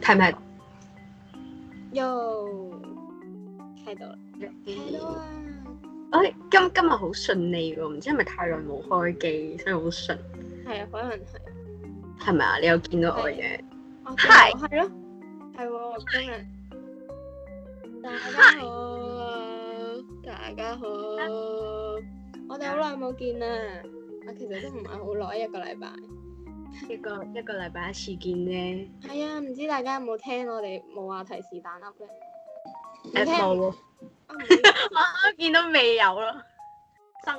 係咪？又睇到啦！哎，今今日好順利喎，唔知係咪太耐冇開機，所以好順。係啊，可能係。係咪啊？你有見到我嘅？係係咯，係喎！今日大家好，大家好，我哋好耐冇見啦。我，其實都唔係好耐，一個禮拜。 一個一個禮拜一次見咧，係啊，唔知大家有冇聽我哋冇話題是但粒咧？冇咯聽、欸， 我見到未有咯，新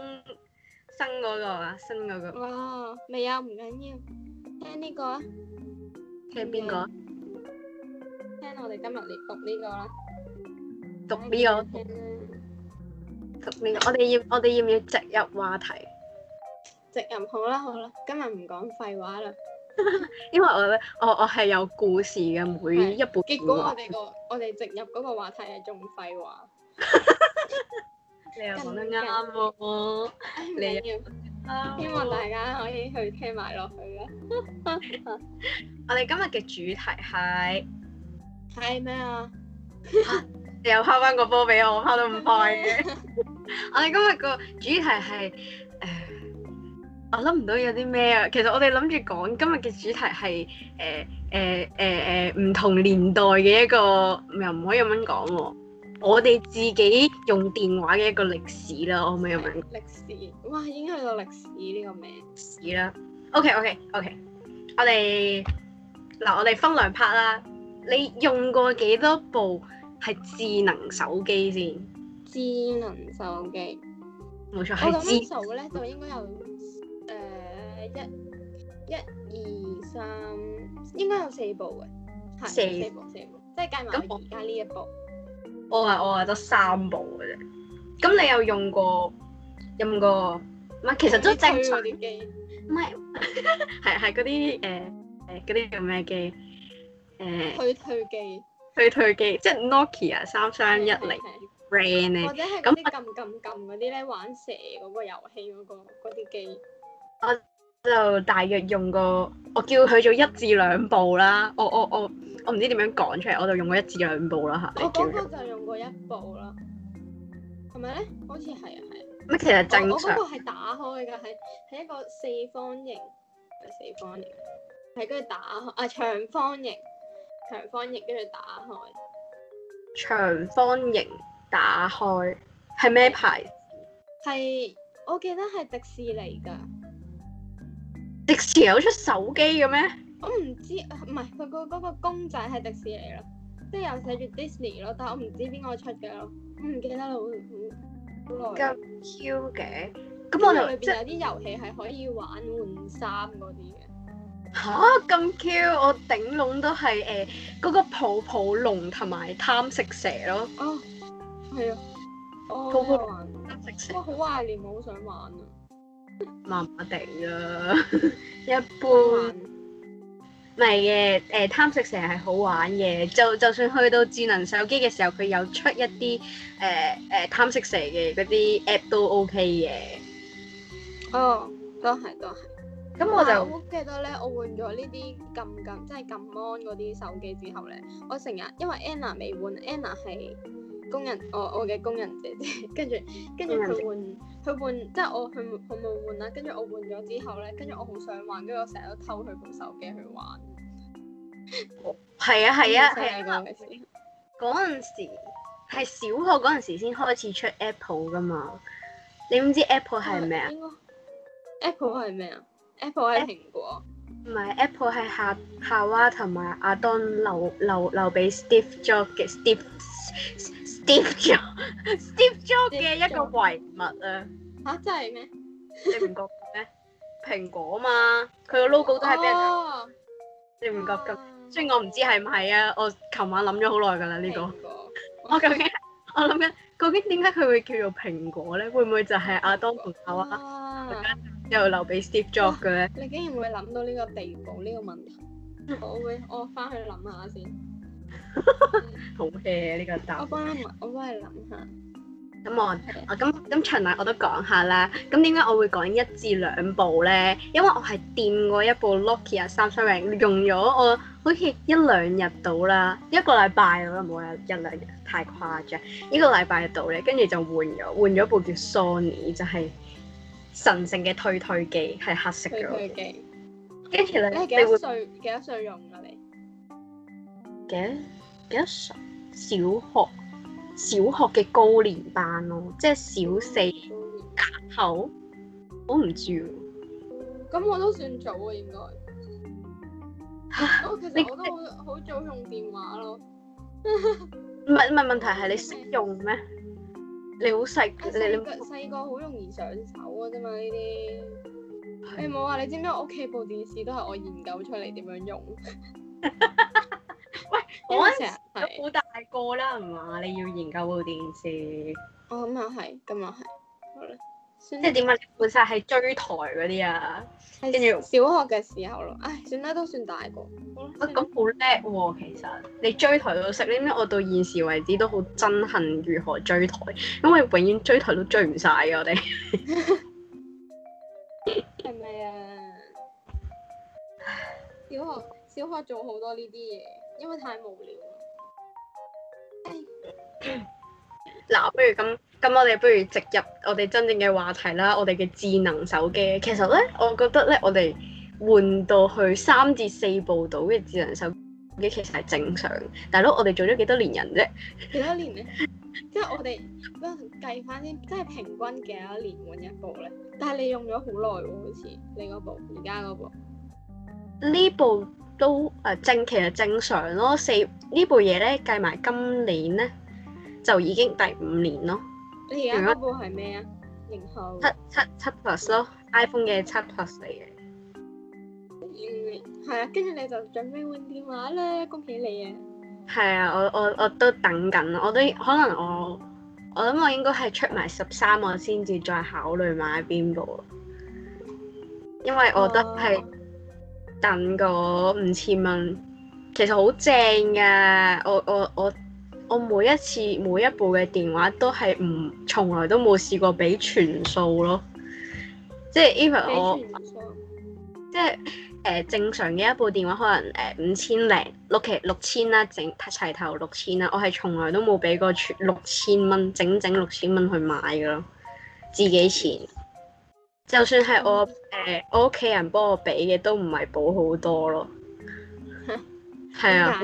新嗰個啊，新嗰個新、嗰個、哦，未有唔緊要，聽呢個啊，聽邊、啊個，啊、個？聽我哋今日嚟讀呢個啦，讀邊個？讀呢個，個，個，個，我哋要我哋要唔要，要直入話題？直入好啦好啦，今日唔講廢話啦， 因為我咧，我我係有故事嘅每一步。結果我哋個我哋直入嗰個話題係仲廢話。 你又講得啱啱喎，唔緊要又、啊、希望大家可以去聽埋落去啦。 我哋 今日嘅主題係係咩啊？你又拋翻個波俾我，我拋得咁快嘅。我哋今日個主題係。我諗唔到有啲咩啊！其實我哋諗住講今日嘅主題係誒誒誒誒唔同年代嘅一個又唔可以咁樣講喎，我哋自己用電話嘅一個歷史啦，可唔可以咁講？歷史，哇，已經係個歷史呢、這個名史啦。OK，OK，OK、okay, okay, okay, 我哋嗱，我哋分兩拍啦。你用過幾多部係智能手機先？智能手機，冇錯，係。我諗數咧就應該有。一、一二、三，應該有四部嘅，四四部四部，即係計埋而家呢一部。我話我話得三部嘅啫。咁你有用過音歌？唔係，其實都正常。唔係，係係嗰啲誒誒嗰啲叫咩機？誒，推推機，推推機，即係 Nokia 三三一零，Rain 咧。或者係咁撳撳撳嗰啲咧，玩蛇嗰個遊戲嗰個嗰啲機。我。就大約用過，我叫佢做一至兩步啦。我我我我唔知點樣講出嚟，我就用過一至兩步啦吓。我嗰個就用過一步啦，係咪咧？好似係啊，係啊。咩？其實正我嗰個係打開噶，係係一個四方形，四方形，係跟住打開啊，長方形，長方形跟住打開，長方形打開係咩牌子？係，我記得係迪士尼噶。迪士尼有出手機嘅咩？我唔知，唔係佢個個公仔係迪士尼咯，即係又寫住 Disney 咯，但我唔知邊個出嘅咯，我唔記得啦，好，好，好耐。咁 Q 嘅？咁我哋裏邊即有啲遊戲係可以玩換衫嗰啲嘅。吓咁 Q？我頂籠都係誒嗰個泡泡龍同埋貪食蛇咯。哦，係啊。哦。貪食蛇。泡泡龍哇，好懷念，我好想玩啊！麻麻地啦、啊， 一般、嗯。唔係嘅，誒、呃、貪食蛇係好玩嘅，就就算去到智能手機嘅時候，佢有出一啲誒誒貪食蛇嘅嗰啲 app 都 OK 嘅。哦，都係都係。咁我就我記得咧，我換咗呢啲撳撳，即係撳 mon 嗰啲手機之後咧，我成日因為 An 換 Anna 未換，Anna 係。嗯工人，我我嘅工人姐姐，跟住跟住佢換佢換，即係我去佢冇換啦。跟住我換咗之後咧，跟住我好想玩，跟住我成日都偷佢部手機去玩。係啊係啊係啊！嗰陣時係小學嗰陣時先開始出 Apple 噶嘛。你唔知 Apple 係咩啊？Apple 係咩啊？Apple 係蘋果。唔係，Apple 係夏夏娃同埋阿當留留留俾 Steve Jobs 嘅。Steve。Steve Jobs Job 嘅 Steve Job，一個遺物啊！吓，真係咩？你唔覺咩？蘋果嘛，佢個 logo、oh, 都係俾人，你唔覺咁？啊、雖然我唔知係唔係啊，我琴晚諗咗好耐噶啦呢個。我， 我究竟我諗緊，究竟點解佢會叫做蘋果咧？會唔會就係亞當神話又留俾 Steve Job 嘅咧？你竟然會諗到呢個地步呢、呢個問題？我會，我翻去諗下先。好 hea 呢個答。我幫，我幫你諗下。咁我，我咁咁循例我都講下啦。咁點解我會講一至兩部咧？因為我係掂過一部 Locky 啊，三三零，用咗我好似一兩日到啦，一個禮拜我覺得冇一兩日，太誇張。一個禮拜到咧，跟住就換咗，換咗部叫 Sony，就係神聖嘅推推機，係黑色嘅推推機。跟住你，你幾歲？幾多歲用噶你？幾多？幾多小小學？小學嘅高年班咯，即係小四夾頭。我唔知啊。咁我都算早啊，應該。我其實我都好好早用電話咯。唔係唔係，問題係你識用咩？你好細，你你細個好容易上手啊啫嘛呢啲。你冇話你知唔知我屋企部電視都係我研究出嚟點樣用？我嗰陣好大個啦，係嘛？你要研究部電視。我諗下係，咁又係。好啦。即係點呀？你本身係追台嗰啲啊，跟住小學嘅時候咯。唉、嗯哎，算啦，都算大個。好啦。咁好叻喎！其實、啊、你追台都識，點解我到現時為止都好憎恨如何追台，因為永遠追台都追唔晒、啊。我哋、 啊。係咪啊？小學小學做好多呢啲嘢。因為太無聊喇。嗱，不如咁，咁我哋不如直入我哋真正嘅話題啦。我哋嘅智能手機，其實咧，我覺得咧，我哋換到去三至四部度嘅智能手機，其實係正常。大佬，我哋做咗幾多年人啫？幾多年咧？ 即係我哋，不如計翻先，即係平均幾多年換一部咧？但係你用咗好耐喎，好似你嗰部，而家嗰部呢部？都誒正，其實正常咯。四部呢部嘢咧，計埋今年咧，就已經第五年咯。而家部係咩啊？零號七七七 Plus 咯，iPhone 嘅七 Plus 嚟嘅。係啊，跟住、嗯、你就準備換電話啦，恭喜你啊！係、嗯、啊，我我我都等緊，我都可能我我諗我應該係出埋十三，我先至再考慮買邊部啊。因為我覺得係、哦。等個五千蚊，其實好正㗎。我我我我每一次每一部嘅電話都係唔從來都冇試過俾全數咯。即係 even 我即係誒、呃、正常嘅一部電話，可能誒、呃、五千零六其六千啦，整齊頭六千啦。我係從來都冇俾過全六千蚊，整整六千蚊去買㗎咯，自己錢。就算係我誒、嗯呃、我屋企人幫我俾嘅，都唔係補好多咯。係哈啊，唔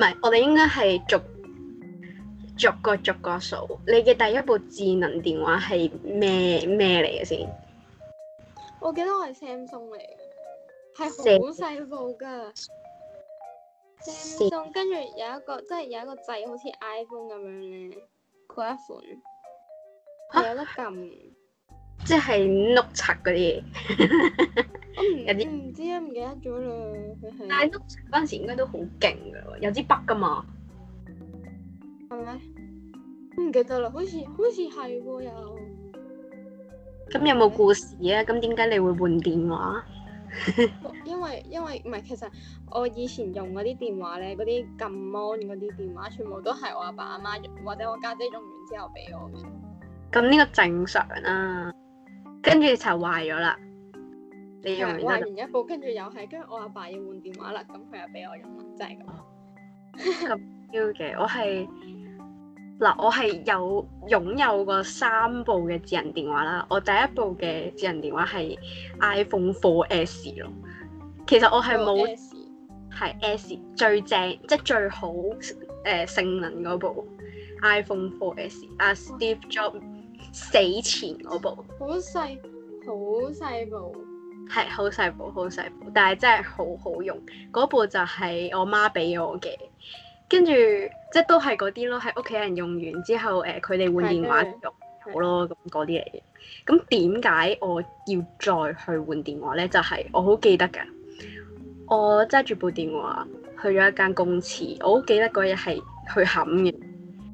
係，我哋應該係逐逐個逐個數。你嘅第一部智能電話係咩咩嚟嘅先？我記得我係 Samsung 嚟嘅，係好細部㗎。Samsung, 四 Samsung, 四 Samsung 跟住有一個即係有一個掣好似 iPhone 咁樣咧，嗰一款、啊、有得撳。即係碌柒嗰啲嘢， 我唔不點知啊，唔記得咗啦。佢係，但係碌柒嗰陣時應該都好勁㗎，有支筆㗎嘛，係咪？唔記得啦，好似好似係喎又。咁有冇、嗯、故事啊？咁點解你會換電話？ 因為因為唔係，其實我以前用嗰啲電話咧，嗰啲撳 mon 嗰啲電話，全部都係我阿爸阿媽，媽用或者我家姐，姐用完之後俾我嘅。咁呢個正常啊。跟住就壞咗，就是， 啦，你用完一部，跟住又係，跟住我阿爸要換電話啦，咁佢又俾我用，真係咁。咁要嘅，我係嗱，我係有擁有過三部嘅智能電話啦。我第一部嘅智能電話係 iPhone 4S 咯，其實我係冇 S，係 S 最正，即係最好誒，呃、性能嗰部 iPhone 4S 啊，Steve Jobs。死前嗰部，好細好細部，係好細部好細部，但係真係好好用嗰部就係我媽俾我嘅，跟住即係都係嗰啲咯，喺屋企人用完之後，誒佢哋換電話用，用好咯，咁嗰啲嚟嘅。咁點解我要再去換電話呢？就係、是、我好記得噶，我揸住部電話去咗一間公廁，我好記得嗰日係去冚嘅。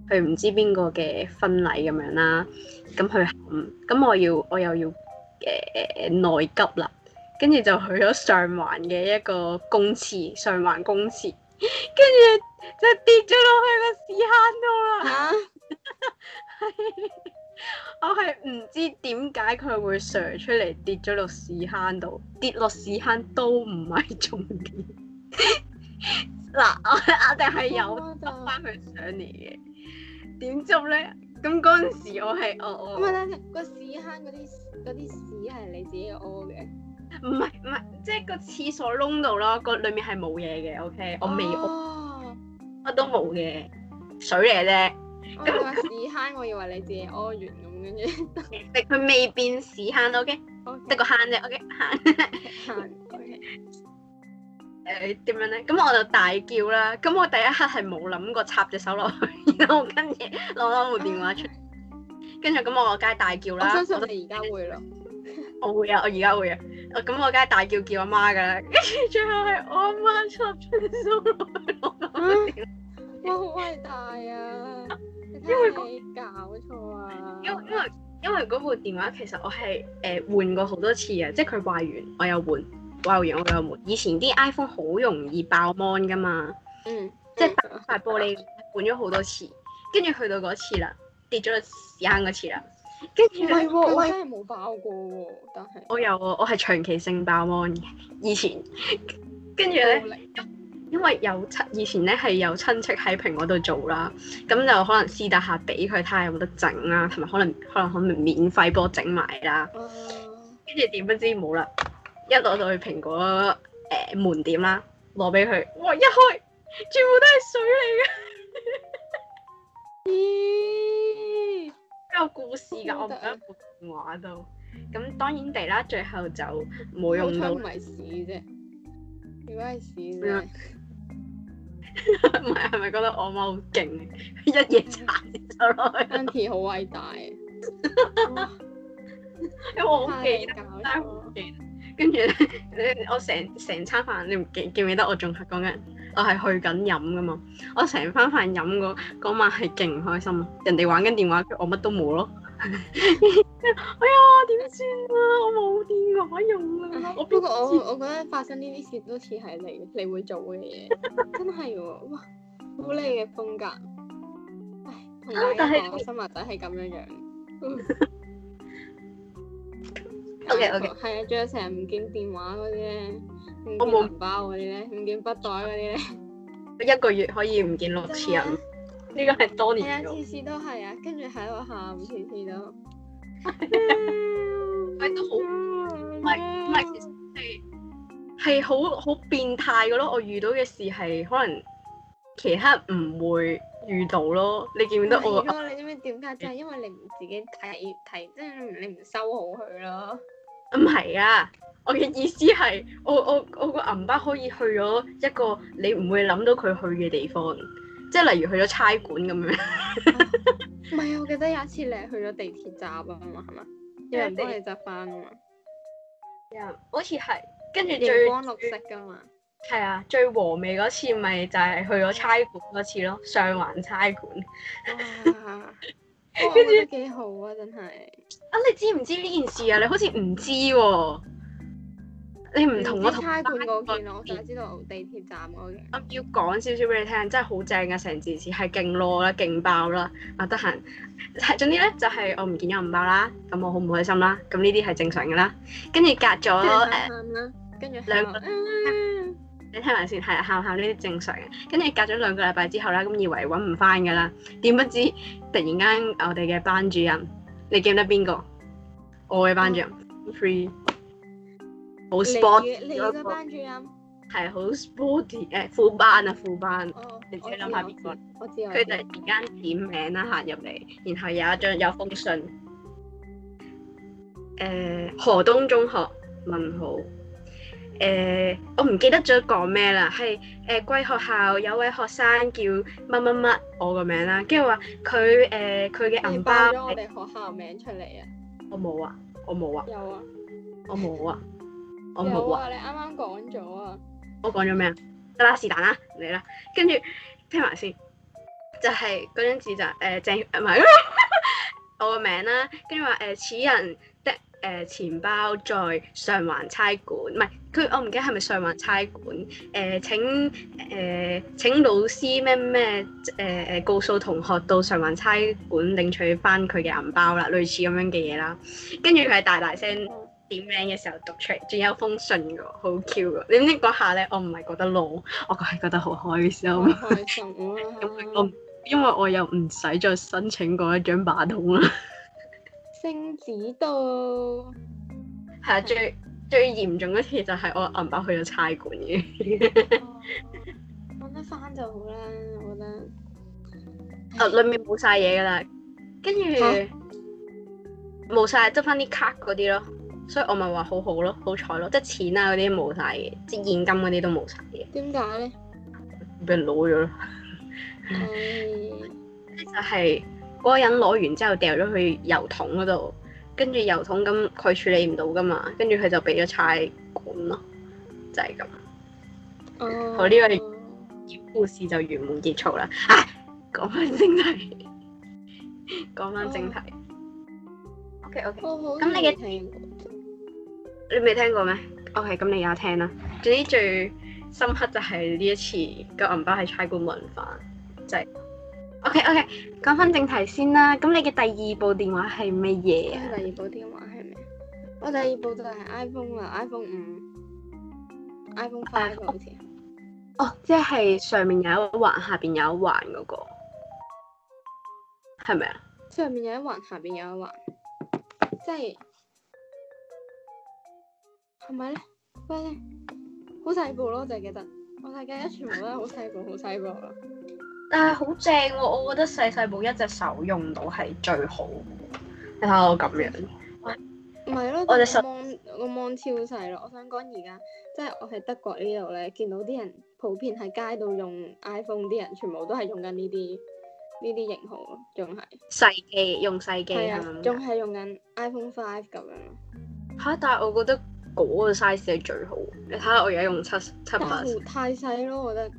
佢唔知邊個嘅婚禮咁樣啦，咁去，咁我要我又要誒、呃、內急啦，跟住就去咗上環嘅一個公廁，上環公廁，跟 住就跌咗落去個屎坑度啦。啊、 我係唔知點解佢會上出嚟跌咗落屎坑度，跌落屎坑都唔係重點。 嗱，我係一定係有執翻佢上嚟嘅。點執咧？咁嗰陣時我係我我。唔係，個屎坑嗰啲嗰啲屎係你自己屙嘅。唔係唔係，即係個廁所窿度咯，個裡面係冇嘢嘅。O K，我未屙，乜都冇嘅，水嚟啫。個屎坑，我以為你自己屙完咁，跟住。其實佢未變屎坑，O K。得個坑啫，O K。坑。誒，點、呃、樣咧？咁我就大叫啦！咁我第一刻係冇諗過插隻手落去，然後跟住攞攞部電話出，嚟、啊。跟住咁我我梗係大叫啦！我相信你而家會咯，我，就 我會啊，我而家會啊！我咁我梗係大叫叫阿媽噶啦，跟住最後係我阿媽插出聲嚟，我我好偉大啊！因為 搞錯啊！因因為因為嗰部電話其實我係誒、呃、換過好多次啊，即係佢壞完我又換。爆完我嘅門，以前啲 iPhone 好容易爆 mon 噶嘛，嗯，即係塊玻璃換咗好多次，跟住去到嗰次啦，跌咗屎坑嗰次啦，跟住唔係喎，我真係冇爆過喎，哦，但係我有我係長期性爆 mon 嘅，以前跟住咧， 呢力因為有親，以前咧係有親戚喺蘋果度做啦，咁就可能私底下俾佢睇下有冇得整啦，同埋可能可能可能免費幫我整埋啦，跟住點不知冇啦。一攞到去蘋果誒門店啦，攞俾佢，哇！一開全部都係水嚟嘅，咦，有故事㗎，我唔記得撥電話都。咁當然地啦，最後就冇用到。好彩唔係屎啫，如果係屎啫，唔係係咪覺得我媽好勁？一夜賺咗一千幾，好偉大啊！因為我好記得，真係好記得。跟住咧，我成成餐飯，你記記唔記得我仲係講緊，我係去緊飲噶嘛？我成餐飯飲嗰嗰晚係勁唔開心，人哋玩緊電話，我乜都冇咯。 哎呀，點算啊！我冇電話用啊！哎、呀我不，不過我我覺得發生呢啲事都似係你你會做嘅嘢， 真係喎、哦，哇！好靚嘅風格，唉、哎，同你講，新華仔係咁樣樣。 O K O K，係啊，仲有成日唔見電話嗰啲咧，唔見錢包嗰啲咧，唔見筆袋嗰啲咧。 一個月可以唔見六次啊！呢個係多年。係啊、嗯，次次都係啊，跟住喺度喊，次次都。係、 嗯、 都好，唔係唔係，係係好好變態嘅咯。我遇到嘅事係可能其他唔會遇到咯。你見唔見得我？你知唔知點解？就係 因為你唔自己睇睇，即係你唔收好佢咯。唔係啊，我嘅意思係，我我我個銀包可以去咗一個你唔會諗到佢去嘅地方，即係例如去咗差館咁樣。唔係啊， 我記得有一次你係去咗地鐵站啊嘛，係嘛？有人幫你執翻啊嘛。有，yeah, 好似係，跟住最。光綠色噶嘛。係啊，最和味嗰次咪就係去咗差館嗰次咯，上環差館。跟住都幾好啊，真係！啊， 你知唔知呢件事啊？你好似唔知喎，啊，你唔同我同盤嗰件咯，我先知道地鐵站我鐵站、嗯、要講少少俾你聽，真係好正啊。成件事係勁 low 啦，勁爆啦，就是嗯！啊，得閒，係總之咧，就係我唔見咗銀包啦，咁我好唔開心啦，咁呢啲係正常嘅啦。跟住隔咗誒，跟住兩個。你聽埋先，係啊，喊喊呢啲正常嘅，跟住隔咗兩個禮拜之後咧，咁以為揾唔翻噶啦，點不知突然間我哋嘅班主任，你記得邊個？我嘅班主任，Free，好 sport，你你個班主任係好 sport 誒，副班啊副班，哦，你諗下邊個？我知，佢突然間點名啦，行入嚟，然後有一張、嗯、有封信，誒，何、呃、東中學問好。問好誒，我唔、uh, 記得咗講咩啦，係誒，貴、uh, 學校有位學生叫乜乜乜，我個名啦，跟住話佢誒，佢嘅銀包我哋學校名出嚟啊。我冇啊，我冇啊，有啊，我冇啊，我冇啊！你啱啱講咗啊！我講咗咩啊？得啦， 是但啦，嚟啦，跟住聽埋先，就係嗰張紙就誒鄭唔係我個名啦，跟住話誒此人誒、呃、錢包在上環差館，唔係，佢我唔記得係咪上環差館誒、呃？請誒、呃、請老師咩咩誒誒，告訴同學到上環差館領取翻佢嘅銀包啦，類似咁樣嘅嘢啦。跟住佢係大大聲點名嘅時候讀出嚟，仲有一封信喎，好 Q 㗎！你知唔知嗰下咧？我唔係覺得攞，我係覺得好開心。好開心咁，我因為我又唔使再申請嗰一張八達通啦。 精子道係啊，最最嚴重嗰次就係我銀包去咗差館嘅，搵得翻就好啦，我覺得。啊，裏面冇晒嘢噶啦，跟住冇晒，執翻啲卡嗰啲咯，所以我咪話好好咯，好彩咯，即係錢啊嗰啲冇晒嘅，即係現金嗰啲都冇晒嘅。點解咧？俾人攞咗。係、 哎。咧就係、是。嗰個人攞完之後掉咗去油桶嗰度，跟住油桶咁佢處理唔到噶嘛，跟住佢就俾咗差館咯，就係、是、咁。Oh. 好呢、這個故事就圓滿結束啦。啊，講翻正題，講翻正題。OK OK，咁你嘅你未聽過咩？OK，咁你也聽啦。總之最深刻就係呢一次個銀包喺差館冇人翻，就係、是。O K O K，講返正題先啦。咁你嘅第二部電話係咩嘢啊？第二部電話係咩？我第二部就係 iPhone 啦，iPhone 五、iPhone five 好似。哦，即係上面有一環，下邊有一環嗰個，係咪啊？上面有一環，下邊有一環，即係係咪咧？喂，好細部咯，就係記得我睇全部都係好細部，好細部啦。但係好正喎。哦，我覺得細細部一隻手用到係最好。你睇下我咁樣，唔係咯， 我隻手，我 mon 超細咯。我想講而家，即係我喺德國呢度咧，見到啲人普遍喺街度用 iPhone 啲人，全部都係用緊呢啲呢啲型號咯，仲係細機用細機，啊，仲係用緊 iPhone Five 咁樣。嚇！但係我覺得嗰個 size 係最好。你睇下我而家用七七太細咯，我覺得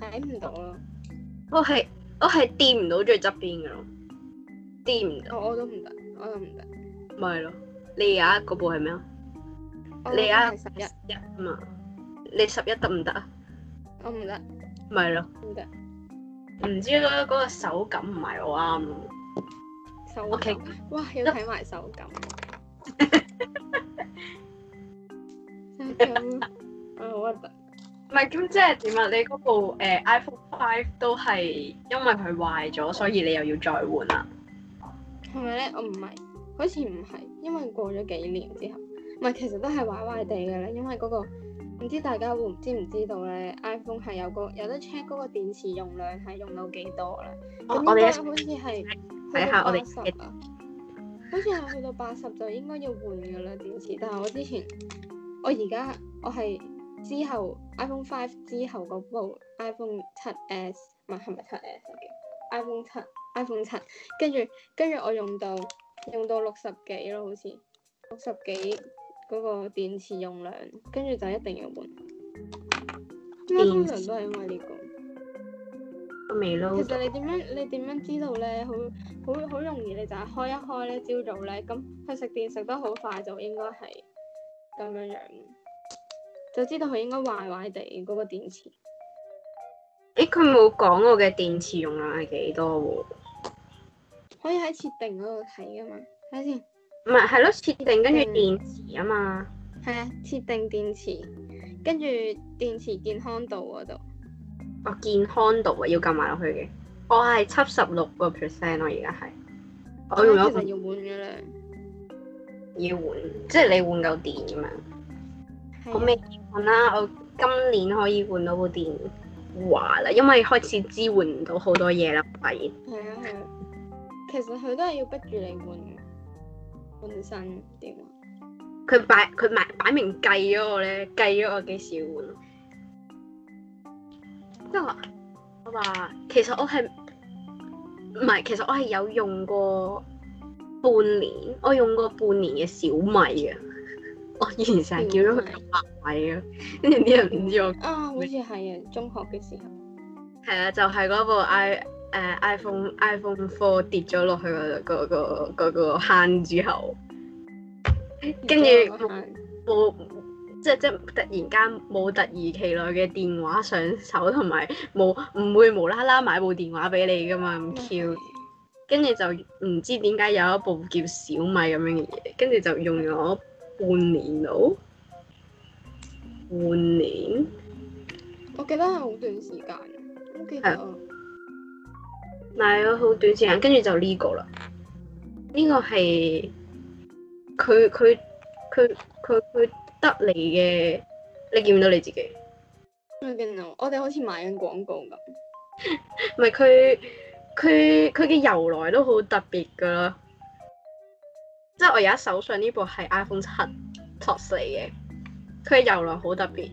睇唔到咯。我係我係掂唔到最側邊嘅咯，掂唔到。我都唔得，我都唔得。咪咯，你而家嗰部係咩啊？你而家十一一啊嘛？你十一得唔得啊？我唔得。咪咯。唔得。唔知嗰嗰個手感唔係好啱。OK。哇，要睇埋手感。啊，我得。唔係，咁即係點啊？你嗰部誒 iPhone Five 都係因為佢壞咗，所以你又要再換啊？係咪咧？我唔係，好似唔係，因為過咗幾年之後，唔係其實都係壞壞地嘅咧。因為嗰、嗰個唔知大家會唔知唔知道咧，iPhone 係有個有得 check 嗰個電池容量係用到幾多啦。哦、看看我我哋好似係睇下我哋，好似係去到八十就應該要換噶啦電池。但係我之前，我而家我係。之後 iPhone 五之後嗰部 iPhone 七 S 唔係係咪七 S 嘅 iPhone 七 iPhone 七跟住跟住我用到用到六十幾咯，好似六十幾嗰個電池用量，跟住就一定要換。應該電池通常都係因為呢、這個。未咯。其實你點樣你點樣知道呢？好好好容易你就係開一開呢朝早呢，咁佢食電食得好快，就應該係咁樣樣。就知道佢應該壞壞地嗰個電池。誒、欸，佢冇講我嘅電池容量係幾多喎？可以喺設定嗰度睇噶嘛？睇下先。唔係，係咯，設定，設定跟住電池啊嘛。係啊，設定電池，跟住電池健康度嗰度。哦，健康度、哦、啊，我啊我要撳埋落去嘅。我係七十六個 percent 咯，而家係。我用咗。要換咗啦。要換，即係你換夠電咁樣。好咩？換啦！我今年可以換到部電話啦，因為開始支援唔到好多嘢啦，發現。係啊，係啊。其實佢都係要逼住你換換新電話。佢擺佢埋擺，擺，擺明計咗我咧，計咗我幾時換。即係話我話，其實我係唔係？其實我係有用過半年，我用過半年嘅小米啊。哦、我以前成日叫咗佢咁白米嘅，跟住啲人唔知我。啊、哦，好似係啊，中學嘅時候。係啊，就係、是、嗰部 i 誒、uh, iPhone iPhone Four 跌咗落去、那個、那個、那個那個坑之後，跟住冇即係即係突然間冇突如其來嘅電話上手，同埋冇唔會無啦啦買部電話俾你噶嘛咁 Q。嗯、跟住就唔知點解有一部叫小米咁樣嘅嘢，跟住就用咗、嗯。半年到，半年，我記得係好短時間，O K 係啊，買咗好短時間，跟住就呢個啦，呢個係佢佢佢佢佢得嚟嘅，你見唔到你自己？我哋好似買緊廣告咁，唔係佢佢佢嘅由來都好特別噶啦。即係我而家手上呢部係 iPhone 七 Plus 嚟嘅，佢嘅遊輪好特別，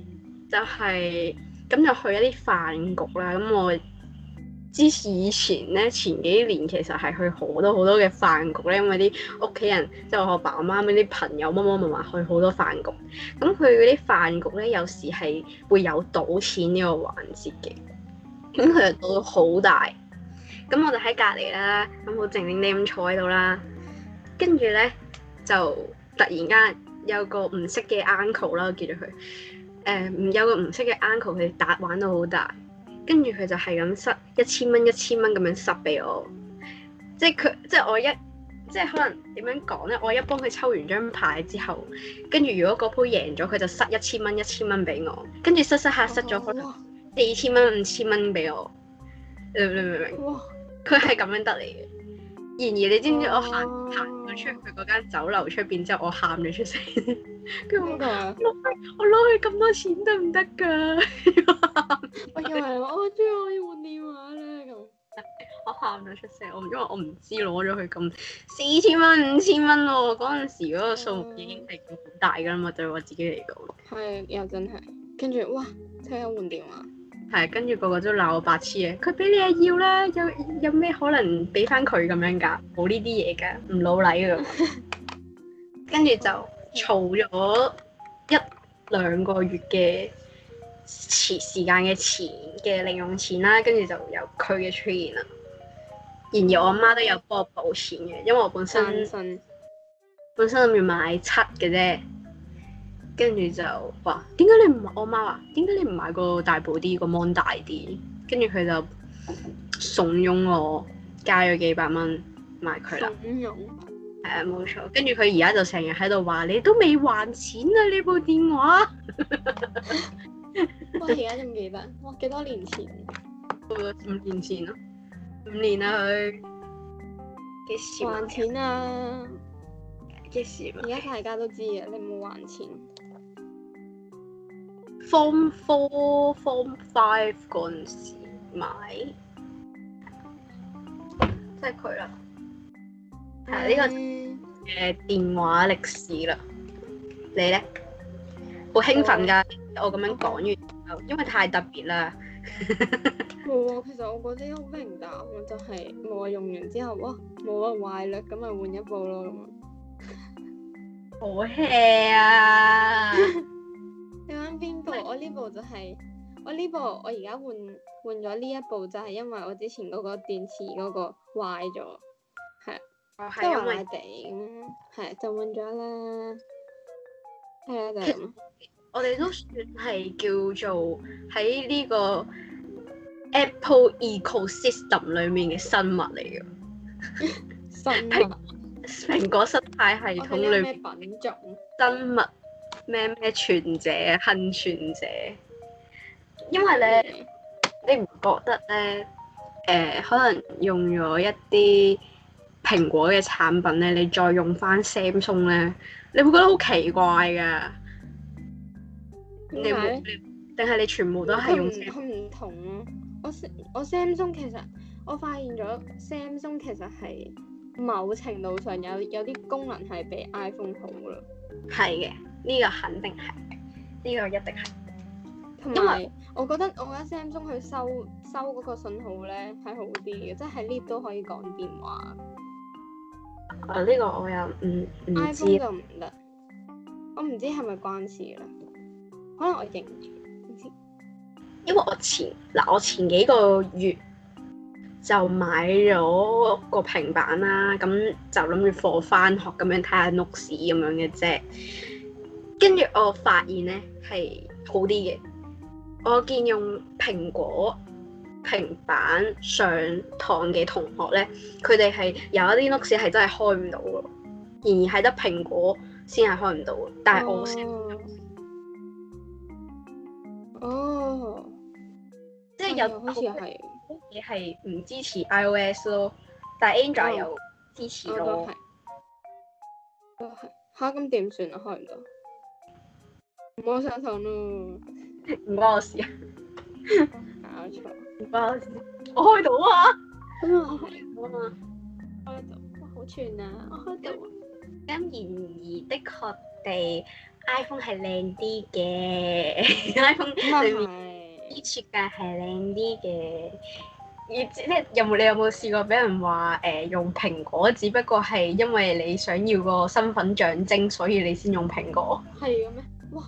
就係、是、咁就去一啲飯局啦。咁我之前以前咧，前幾年其實係去好多好多嘅飯局咧，因為啲屋企人即係、就是、我爸我媽嗰啲朋友乜乜乜話去好多飯局，咁佢嗰啲飯局咧有時係會有賭錢呢個環節嘅，咁佢就賭到好大。咁我就喺隔籬啦，咁我靜靜哋咁坐喺度啦。跟住咧，就突然間有個唔識嘅 uncle 啦，我叫咗佢。唔、呃、有個唔識嘅 uncle，佢打玩到好大。跟住佢就係咁塞一千蚊、一千蚊咁樣塞俾我。即係佢，即係我一，即係可能點樣講咧？我一幫佢抽完張牌之後，跟住如果嗰鋪贏咗，佢就塞一千蚊、一千蚊俾我。跟住塞塞下塞咗可能四千蚊、五千蚊俾我。你明唔明？佢係咁樣得嚟嘅。然而你知唔知，我行行到出去嗰間酒樓出邊之後，我 說麼，我喊咗出聲。咁噶？我攞佢咁多錢得唔得噶？我入我話我知我要換電話咧咁。我喊咗出聲，我因為我唔 知攞咗佢咁四千蚊、五千蚊喎、哦。嗰陣時嗰個數目已經係好大噶啦嘛，uh, 對我自己嚟講。係又真係，跟住哇，睇下換電話。係，跟住個個都鬧我白痴嘅，佢俾你係要啦，有有咩可能俾翻佢咁樣㗎？冇呢啲嘢㗎，唔老禮啊！ 跟住就儲咗一兩個月嘅時時間嘅錢嘅零用錢啦，跟住就有佢嘅出現啦。然而我媽都有幫我補錢嘅，因為我本身信本身諗住買七嘅啫。跟住就話：點解你唔買我媽話？點解你唔買個大部啲個 mon 大啲？跟住佢就慫恿我加咗幾百蚊買佢啦。慫恿係啊，冇錯。跟住佢而家就成日喺度話：你都未還錢啊！呢部電話我而家都唔記得哇，幾多年前？五年前咯，五年啦佢。幾時、啊、還錢啊？幾時、啊？而家大家都知啊！你冇還錢。Form Four, Form Five 嗰陣時買，即係佢啦。呢、mm hmm. 啊呢個嘅電話歷史啦。你咧？好興奮㗎！Oh. 我咁樣講完，因為太特別啦。冇啊，其實我覺得好平淡，就係、我就係冇啊用完之後，哇，冇啊壞啦，咁咪換一部咯。好輕 氣啊！ 你玩邊部？我呢部就係我呢部，我而家換換咗呢一部，是部就係、是、因為我之前嗰個電池嗰個壞咗，係即係壞地咁，係就換咗啦。係啊，就係咁。我哋都算係叫做喺呢個 Apple ecosystem 裏面嘅生物嚟嘅， 生物蘋果生態系統裏面品種生物。咩咩全者恨全者，因為咧，你唔覺得咧？誒，可能用咗一啲蘋果嘅產品咧，你再用翻 Samsung 咧，你會覺得好、呃、奇怪噶？嗎你會？定係你全部都係用？佢唔同、啊、我我 Samsung 其實我發現咗 Samsung 其實係某程度上有有啲功能係比 iPhone 好咯。係嘅。呢個肯定係，呢、呢個一定係。同埋有為我覺得我，我覺得 Samsung 佢收收嗰個信號咧係好啲嘅，即係喺 lift 都可以講電話。啊，呢、呢個我、嗯、又唔唔知得唔得。我唔知是是係咪關事咧，可能我認住唔知。因為我前嗱我前幾個月就買咗個平板啦，咁就諗住貨翻學咁樣睇下 note 四咁樣嘅啫。跟住我發現咧係好啲嘅，我見用蘋果平板上堂嘅同學咧，佢哋係有一啲 Apps 係真係開唔到咯，而係得蘋果先係開唔到。但係我哦，哦即係有、哎、好似係你係唔支持 iOS 咯，但係 Android 又、哦、支持咯，都係嚇咁點算啊？開唔到。唔好上堂咯，唔關我事啊！搞錯，唔關我事，我開到啊！我開到啊，開到，好串啊！我開到。咁然而的確地，iPhone 係靚啲嘅，iPhone 裏面啲設計係靚啲嘅。而即係有冇你有冇試過俾人話誒用蘋果？只不過係因為你想要個身份象徵，所以你先用蘋果。係咁咩？哇！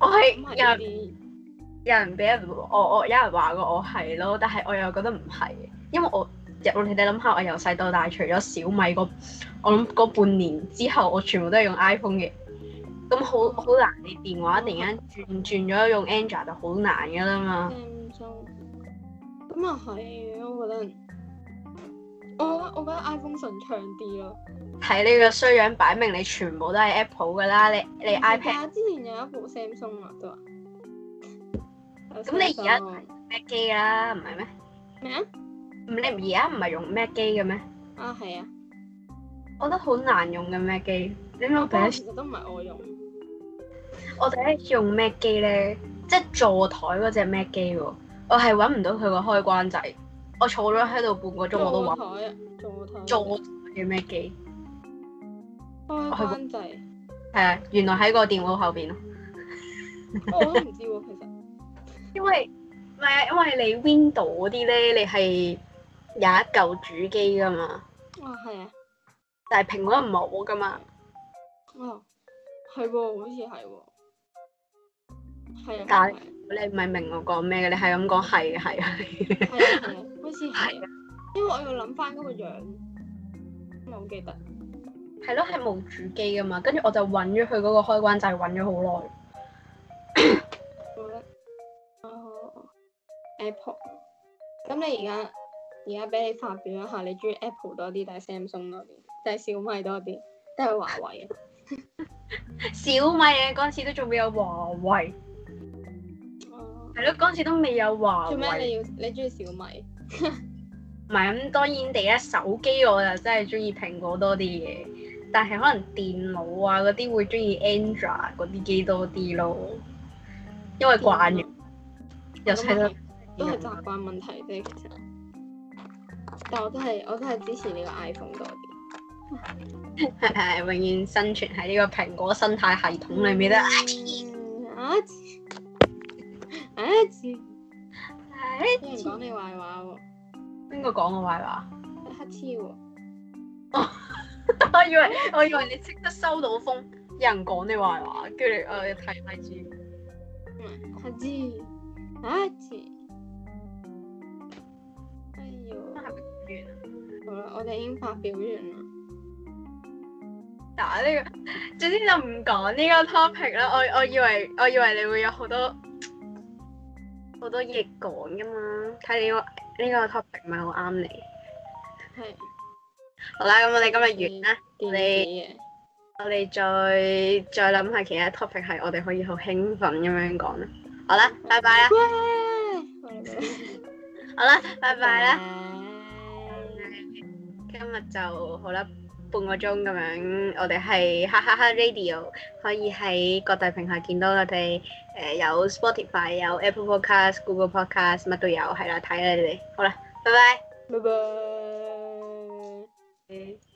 我係有有人俾我我有人話過我係咯，但係我又覺得唔係，因為我入到你哋諗下，我由細到大除咗小米、嗰個，我諗嗰半年之後，我全部都係用 iPhone 嘅，咁好好難，你電話突然間轉轉咗用 Android 就好難㗎喇嘛。咁又係，我覺得。我我覺得 iPhone 順暢啲咯，睇你個衰樣，擺明你全部都係 Apple 噶啦，你你 iPad。之前有一部 Samsung 啊，都。咁你而家 Mac 機啦，唔係咩？咩啊？唔你而家唔係用 Mac 機嘅咩？啊係啊，我覺得好難用嘅 Mac 機。你我第一其實都唔係我用，我第一次用 Mac 機咧，即係坐台嗰隻 Mac 機喎，我係搵唔到佢個開關掣。我坐咗喺度半個鐘，我都話做啊，坐台叫咩機？控制係啊，原來喺個電腦後邊。我都唔知喎，其實因為唔係因為你 Window 嗰啲咧，你係有一舊主機噶嘛。哇、哦，係啊！但係蘋果唔冇噶嘛。哦，係喎、啊，好似係喎。係啊。但你唔係明我講咩嘅，你係咁講係係係，好似係，因為我要諗翻嗰個樣，唔係好記得。係咯，係冇主機噶嘛，跟住我就搵咗佢嗰個開關掣，搵咗好耐。好，Apple。咁你而家而家俾你發表一下，你中意 Apple 多啲，定係 Samsung 多啲，定係小米多啲，定係華為？小米嗰次都仲未有華為。係咯，嗰陣時都未有華為。做咩你要？你中意小米？唔係咁，當然第一手機我就真係中意蘋果多啲嘅，但係可能電腦啊嗰啲會中意 Android 嗰啲機多啲咯，因為慣咗。又係話、嗯、都係習慣問題啫，其實。但我都係，我都係支持呢個 iPhone 多啲。係係 永遠生存喺呢個蘋果生態系統裏面啦。嗯誒，黐！有人講你壞話喎，邊個講我壞話？黑超，哦，我以為我以為你識得收到風，有人講你壞話，叫你誒睇黑痴，黑痴，誒黐，哎呦，好啦，我哋已經發表完啦，打呢個，總之就唔講呢個 topic 啦，我我以為我以為你會有好多。好多嘢講㗎嘛，睇你個呢個 topic 咪好啱你。係是。好啦，咁我哋今日完啦。你我哋再再諗下其他 topic，係我哋可以好興奮咁樣講啦。好啦，拜拜啦。好啦，拜拜啦。今日就好啦。半個鐘咁樣，我哋係哈哈哈 Radio 可以喺各大平台見到我哋誒、呃、有 Spotify 有 Apple Podcast Google Podcast 乜都有，係啦睇下你哋。好啦，拜拜，拜拜。